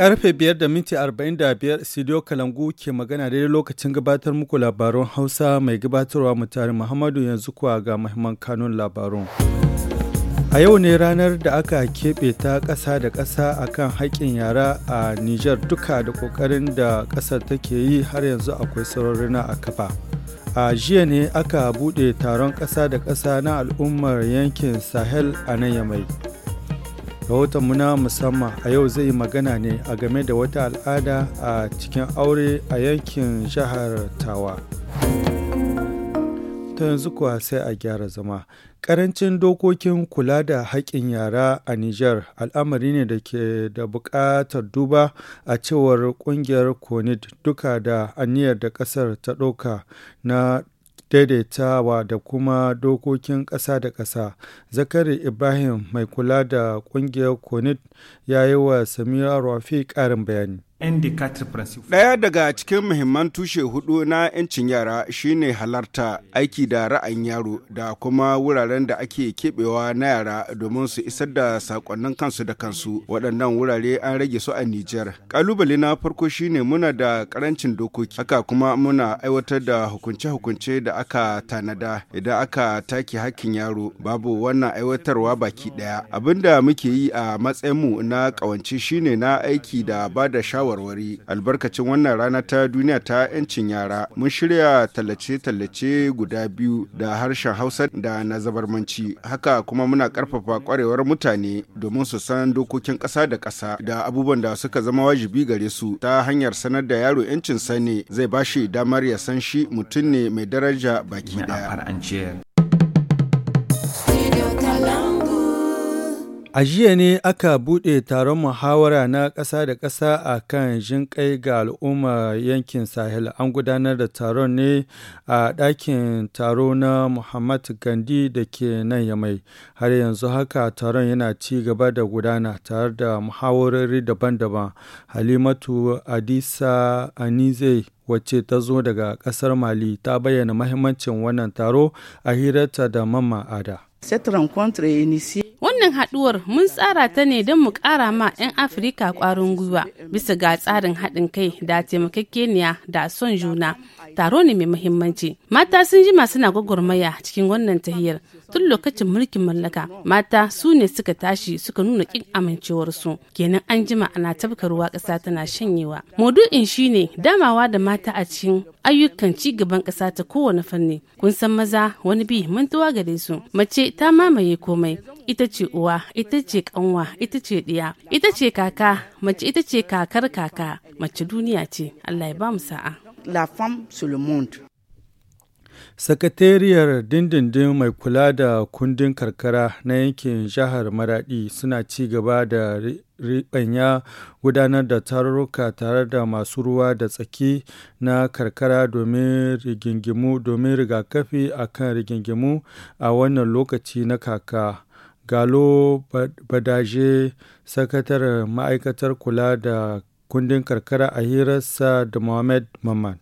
Karfe 5.45 da Kalangu ke magana daidai lokacin gabatar muku labarun Hausa mai gabatarwa mutane Muhammadu yanzu kuwa ga mahimman kanun labarun. A yau ne ranar da aka keɓe ta ƙasa da ƙasa kan haƙƙin yara a Nijar duka da ƙoƙarin da ƙasar take yi har yanzu akwai sararina a kafa. A jiya ne aka buɗe taron ƙasa da ƙasa na al'ummar yankin Sahel a nan Yamai. rahotonmu na musamman a yau zai magana ne a game da wata al'ada a cikin aure a yankin jihar tawa ta yanzu kuwa sai a gyara zama karancin dokokin kula da haƙƙin yara a niger al'amari ne da ke da buƙatar duba a cewar ƙungiyar konid duka da aniyar da ƙasar ta ɗauka na daidaitawa da kuma dokokin ƙasa da ƙasa zakari ibrahim mai kula da ƙungiyar konit ya yi wa samira rafi ƙarin bayani Ɗaya daga cikin muhimman tushe hudu na 'yancin yara shine halarta aiki da ra'ayin yaro da kuma wuraren da ake keɓewa na yara domin su isar da sakonnin kansu da kansu waɗannan wurare an rage su a Nijar. ƙalubale na farko shine muna da ƙarancin dokoki haka kuma muna aiwatar da hukunce-hukunce da aka tanada idan aka take hakkin yaro babu wannan aiwatarwa baki ɗaya. Abin da muke yi a matsayinmu na ƙawance shine na aiki da ba da shawar shawarwari albarkacin wannan rana ta duniya ta 'yancin yara mun shirya tallace-tallace guda biyu da harshen hausa da na zabarmanci haka kuma muna karfafa kwarewar mutane domin su san dokokin kasa da kasa da abubuwan da suka zama wajibi gare su ta hanyar sanar da yaro 'yancin sa ne zai bashi damar ya san shi mutum ne mai daraja baki daya A jiya ne aka buɗe taron muhawara na ƙasa da ƙasa a kan jinƙai ga al'ummar yankin Sahel. An gudanar da taron ne a ɗakin taro na Muhammad Gandhi da ke nan Yamai. Har yanzu haka taron yana ci gaba da gudana tare da muhawarori daban-daban. Halimatu Adisa Anize wacce ta zo daga ƙasar Mali ta bayyana mahimmancin wannan taro a hirarta da Mamma Ada. Wannan haɗuwar mun tsara ta ne don mu ƙara ma 'yan Afirka ƙwarin gwiwa bisa ga tsarin haɗin kai da taimakekeniya da son juna taro ne mai muhimmanci. Mata sun ji suna gwagwarmaya cikin wannan tahiyar tun lokacin mulkin mallaka. Mata su ne suka tashi suka nuna kin amincewarsu. Kenan an jima ana tafka ruwa ƙasa tana shanyewa. Maudu'in shine damawa da mata a cikin ayyukan ci gaban ƙasa ta kowane fanni. Kun san maza wani bi mantuwa gare su. Mace ta mamaye komai. Ita ce uwa, ita ce kanwa, ita ce ɗiya, ita ce kaka, mace ita ce kakar kaka, mace duniya ce. Allah ya ba mu sa'a. la femme sur le monde. Sakatariyar dindindin mai kula da kundin karkara na yankin jihar Maradi suna ci gaba da ribanya gudanar da tarurruka tare da masu ruwa da tsaki na karkara domin rigingimu domin rigakafi a kan rigingimu a wannan lokaci na kaka. Galo Badaje, sakatar ma'aikatar kula da kundin karkara a hirarsa da Mohamed Maman.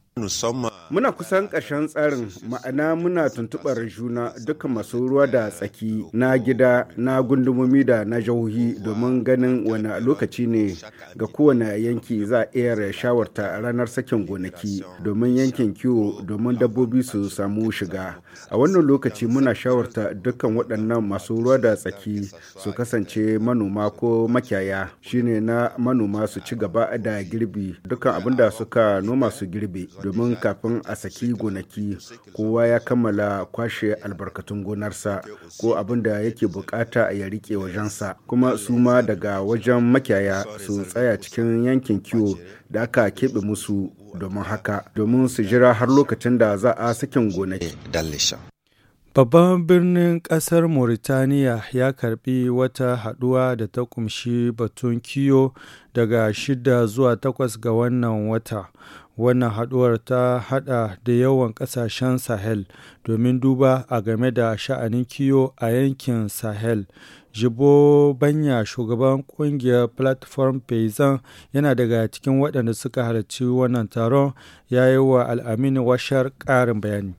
Muna kusan ƙarshen tsarin ma'ana muna tuntuɓar juna duka masu ruwa da tsaki na gida na gundumomi da na jahohi domin ganin wani lokaci ne ga kowane yanki za a iya shawarta ranar sakin gonaki domin yankin kiwo domin dabbobi su samu shiga. A wannan lokaci muna shawarta dukkan waɗannan masu ruwa da tsaki su kasance manoma ko makiyaya shine na manoma su ci gaba da girbi dukkan abin da suka noma su girbi. domin kafin a saki gonaki kowa ya kammala kwashe albarkatun gonarsa ko abin da yake bukata ya rike wajensa kuma su ma daga wajen makiyaya su tsaya cikin yankin kiwo da aka keɓe musu domin haka domin su jira har lokacin da za a sakin gonaki. Babban birnin kasar Mauritaniya ya karbi wata haduwa da ta kumshi batun kiyo daga 6 zuwa takwas ga wannan wata. wannan haduwar ta hada da yawan kasashen sahel domin duba a game da sha'anin kiyo a yankin sahel jibo banya shugaban kungiyar platform paysan yana daga cikin waɗanda suka halarci wannan taron ya yi wa al'amini washar ƙarin bayani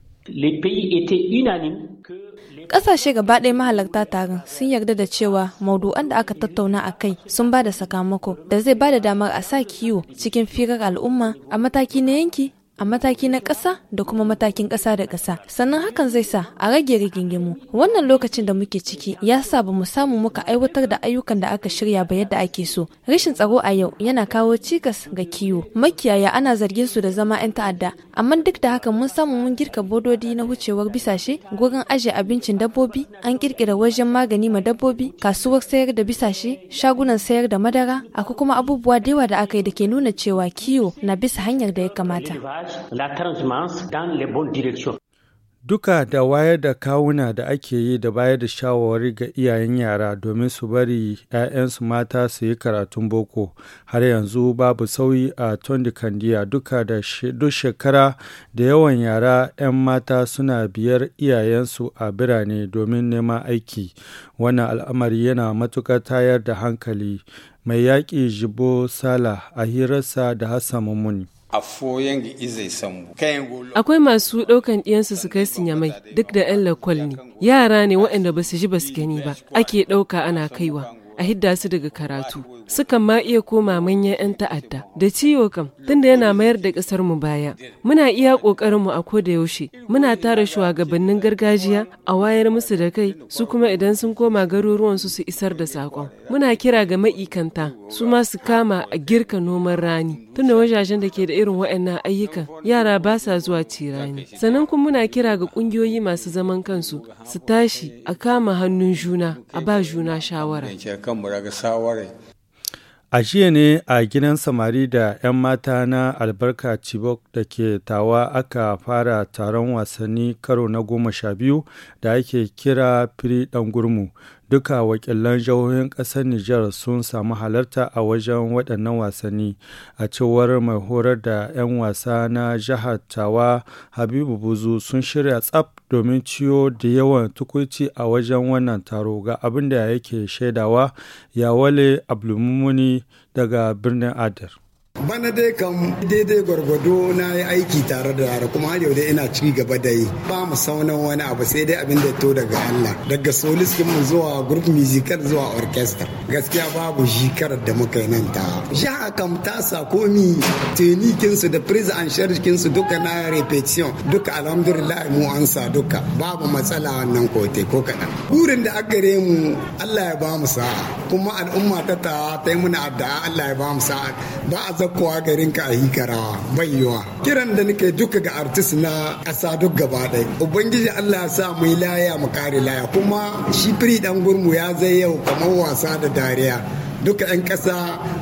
Ƙasashe gaba ɗaya mahalarta taron sun yarda da cewa maudu'an da aka tattauna a kai sun ba da sakamako da zai ba da damar a sa kiwo cikin firar al'umma a mataki na yanki a mataki na ƙasa da kuma matakin ƙasa da ƙasa sannan hakan zai sa a rage rigingimu wannan lokacin da muke ciki ya sa ba mu samu muka aiwatar da ayyukan da aka shirya ba yadda ake so rashin tsaro a yau yana kawo cikas ga kiwo makiyaya ana zargin su da zama 'yan ta'adda amma duk da haka mun samu mun girka bododi na wucewar bisashe gurin ajiye abincin dabbobi an kirkira wajen magani ma dabbobi kasuwar sayar da bisashe shagunan sayar da madara akwai kuma abubuwa da yawa da aka yi da ke nuna cewa kiwo na bisa hanyar da ya kamata la dans les bonnes directions. Duka da wayar da kawuna da ake yi da bayar da shawarwari ga iyayen yara domin su bari 'ya'yansu mata su yi karatun boko har yanzu babu sauyi a tondikandiya duka da duk shekara da yawan yara 'yan mata suna biyar iyayensu a birane domin neman aiki wannan al'amari yana matuƙar tayar da hankali mai yaƙi jibo sala a hirarsa da hassan mummuni. Akwai masu ɗaukan ɗiyansu su kai sinyamai duk da 'yan lakwal ne. Yara ne waɗanda ba su ji ba su gani ba, ake ɗauka ana kaiwa, a hidda su daga karatu. sukan ma iya koma manyan 'yan ta'adda da ciwo kam tunda yana mayar da ƙasar mu baya muna iya ƙoƙarinmu mu a koda yaushe muna tara shugabannin gargajiya a wayar musu da kai su kuma idan sun koma garuruwan su su isar da sakon muna kira ga ma'ikanta su ma su kama a girka noman rani tunda wajajen da ke da irin waɗannan ayyukan yara ba sa zuwa cirani sannan kuma muna kira ga ƙungiyoyi masu zaman kansu su tashi a kama hannun juna a ba juna shawara A jiya ne a gidan samari da 'yan mata na albarka Chibok da ke tawa aka fara taron wasanni karo na goma sha biyu da ake kira Firi Ɗan Gurmu duka wakilan jihohin ƙasar Nijar sun samu halarta a wajen waɗannan wasanni a cewar mai horar da 'yan wasa na jihar Tawa Habibu Buzu sun shirya tsaf domin ciyo da yawan tukuci a wajen wannan taro ga abin da yake shaidawa Yawale Abdulmumuni daga birnin Adar. bana dai kam daidai gwargwado na yi aiki tare da yara kuma har yau dai ina ci gaba da yi ba mu saunan wani abu sai dai abin da to daga Allah daga solis mu zuwa group musical zuwa orchestra gaskiya babu shikarar da muka yi nan ta jiha kam ta sa komi tenikin su da prise an kin su duka na repetition duka alhamdulillah mu an sa duka babu matsala wannan kote ko kaɗan burin da aka mu Allah ya ba mu sa'a kuma al'umma ta ta ta yi muna addu'a Allah ya ba mu sa'a ba a ɗaukowa garin ka a yi garawa bai yiwa kiran da nake duka ga artist na ƙasa duk gaba ɗaya ubangiji Allah ya sa mu yi laya mu kare laya kuma shi firi dan gurmu ya zai yau kamar wasa da dariya duka 'yan ƙasa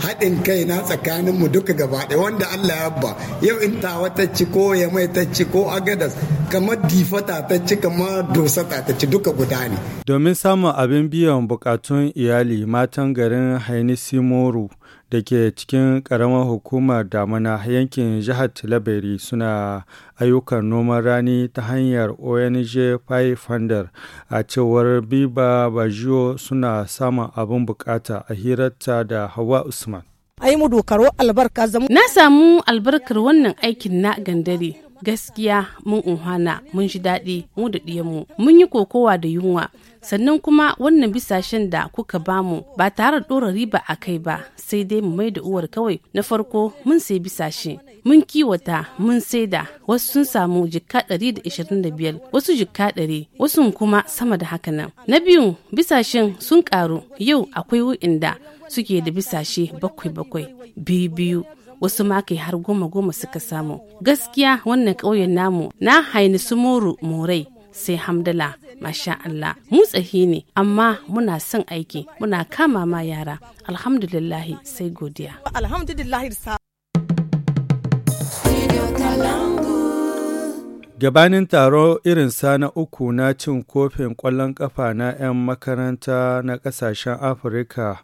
haɗin kai na tsakaninmu duka gaba ɗaya wanda Allah ya ba yau in tawa ta ci ko ya mai ta ci ko agadas kamar difata ta ci kamar dosata ta ci duka guda ne. Domin samun abin biyan bukatun iyali matan garin Haini Simoru da ke cikin ƙaramar hukumar damana yankin jihar Tilaberi suna ayyukan noman rani ta hanyar ONG 500 a cewar Biba Bajiyo suna samun abin bukata a hirarta da Hawa Usman. Ai mu dokaro albarka zamu. Na samu albarkar wannan aikin na gandare. gaskiya mun unhana mun ji daɗi mu da ɗiyanmu mun yi kokowa da yunwa sannan kuma wannan bisashen da kuka bamu ba tare da ɗora riba a kai ba sai dai mu mai da uwar kawai na farko mun sai bisashe mun kiwata mun saida wasu sun samu jikka 125 wasu jikka 100 wasu kuma sama da haka nan na biyu bisashen sun karu yau akwai da suke da bisashe bakwai bakwai biyu biyu wasu ma kai har goma goma suka samu gaskiya wannan ƙauyen namu na haini su morai sai hamdala masha Allah mu tsahi ne amma muna son aiki muna kama ma yara alhamdulillahi sai godiya Gabanin taro irin sa na uku na cin kofin kwallon kafa na 'yan makaranta na kasashen Afirka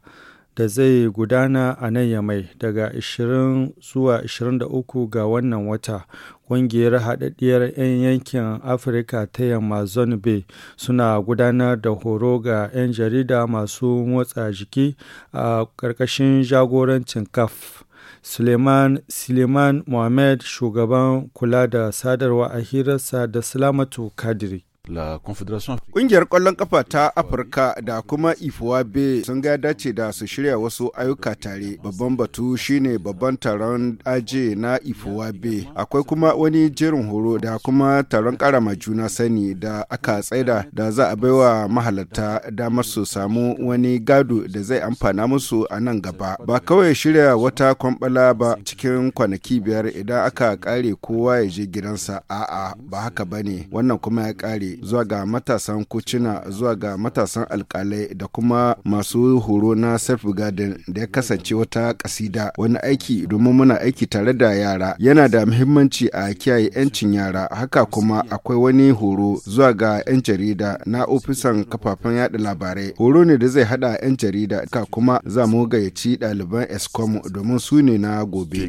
da zai gudana a nan mai daga 20 zuwa 23 ga wannan wata ƙungiyar haɗaɗɗiyar 'yan yankin afirka ta yamma zonbe suna gudanar da horo ga 'yan jarida masu motsa jiki a ƙarƙashin jagorancin kaf suleiman suleiman mohamed shugaban kula da sadarwa a hirarsa da salamatu kadiri La Confederation. Ƙungiyar ƙwallon ƙafa ta Afirka da kuma Ifuwabe sun ga dace da su shirya wasu ayyuka tare. Babban batu shine babban taron aje na Ifuwabe. Akwai kuma wani jerin horo da kuma taron ƙarama juna sani da aka tsaida da za a baiwa mahalarta damar su samu wani gado da zai amfana musu a nan gaba. Ba kawai shirya wata kwamɓala ba cikin kwanaki biyar idan aka ƙare kowa ya je gidansa a'a ba haka bane wannan kuma ya ƙare zuwa ga matasan kucina zuwa ga matasan alkalai da kuma masu horo na self garden da ya kasance wata kasida wani aiki domin muna aiki tare da yara yana da muhimmanci a kiyaye 'yancin yara haka kuma akwai wani horo zuwa ga 'yan jarida na ofisan kafafen yada labarai horo ne da zai hada 'yan jarida ka kuma za mu gayyaci ɗaliban escom domin su ne na gobe.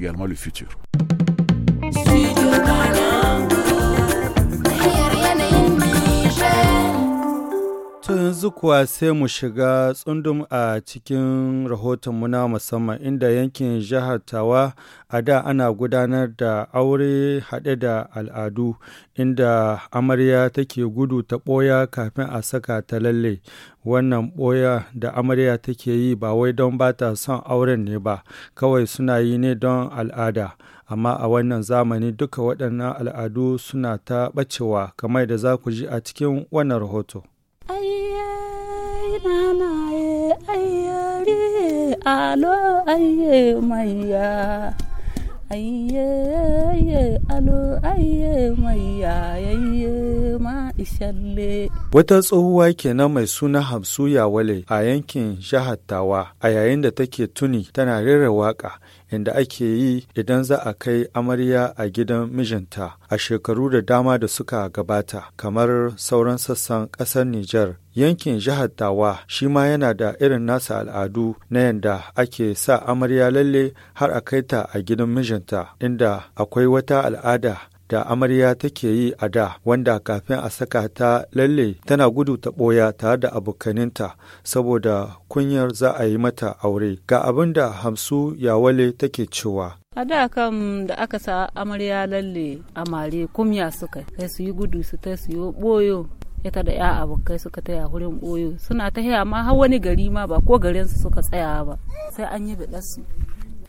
Studio yanzu kuwa sai mu shiga tsundum a cikin rahotonmu na musamman inda yankin jihar Tawa a da ana gudanar da aure haɗe da al'adu inda amarya take gudu ta ɓoya kafin a saka ta lalle. Wannan ɓoya da amarya take yi ba wai don ba ta son auren ne ba, kawai suna yi ne don al'ada. amma a wannan zamani duka waɗannan al'adu suna ta ɓacewa kamar da za ku ji a cikin wannan rahoto. alo aye maya aye aye alo aye maya aye ma ishalle wata tsohuwa kenan mai suna Hamsu Yawale a yankin shahattawa a yayin da take tuni tana rera waka inda ake yi idan za a kai amarya a gidan mijinta a shekaru da dama da suka gabata kamar sauran sassan ƙasar Nijar. Yankin jihar Tawa shi ma yana da irin nasa al'adu na yadda ake sa amarya lalle har a kai ta a gidan mijinta inda akwai wata al'ada da amarya take yi a da wanda kafin a saka ta lalle tana gudu ta ɓoya tare da abokaninta saboda kunyar za a yi mata aure ga abin da hamsu yawale take cewa a da kan da aka sa amarya lalle a mare kumya suka kai su yi gudu su ta su yi boyo ita da ya abokai suka taya wurin boyo suna ta ma har wani gari ma ba ko garin su suka tsaya ba sai an yi su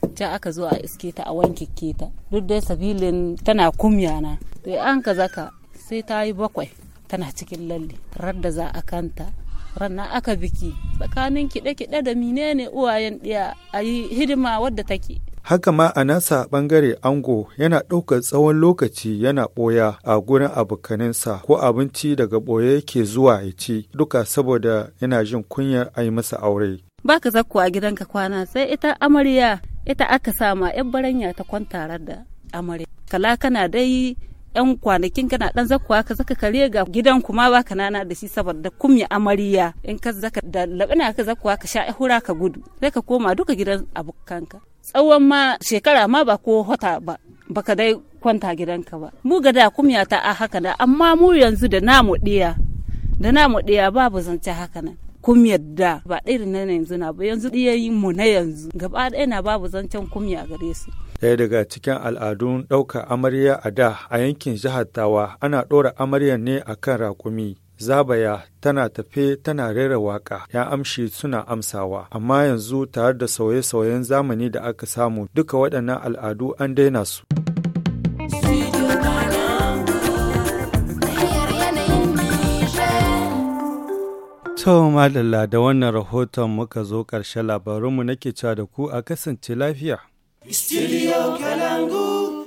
ta aka zo a iske ta a wanke ta duk dai sabilin tana kumya na to an ka zaka sai ta yi bakwai tana cikin lalle radda za a kanta ranna aka biki tsakanin kiɗe-kiɗe da menene uwayen ɗiya a yi hidima wadda take haka ma a nasa bangare ango yana ɗaukar tsawon lokaci yana ɓoya a gurin abokaninsa ko abinci daga ɓoye yake zuwa ya ci duka saboda yana jin kunyar a yi masa aure baka zakko a gidanka kwana sai ita amarya ita aka sama yan baranya ta kwantarar da amare kala kana dai yan kwanakin kana dan zakwa ka zaka kare ga gidan kuma ba kanana da shi saboda kumya amariya in ka zaka da labina ka zakwa ka sha hura ka gudu sai ka koma duka gidan abokanka tsawon ma shekara ma ba ko hota ba baka dai kwanta gidanka ba mu ga da kumya ta a haka da amma mu yanzu da namu diya da namu diya babu zance haka nan kum da ba irin na yanzu na ba yanzu yi mu na yanzu gaba ɗaya na babu zancen kumya a gare su Daya daga cikin al'adun ɗaukar amarya a da a yankin jihar Tawa ana ɗora amaryar ne a kan raƙumi. Zabaya tana tafe tana rera waƙa, ya amshi suna amsawa, amma yanzu tare da sauye-sauyen zamani da aka samu duka waɗannan al'adu an daina su. To madalla da wannan rahoton muka zo ƙarshe labarinmu nake cewa da ku a kasance lafiya. Studio Kalangu.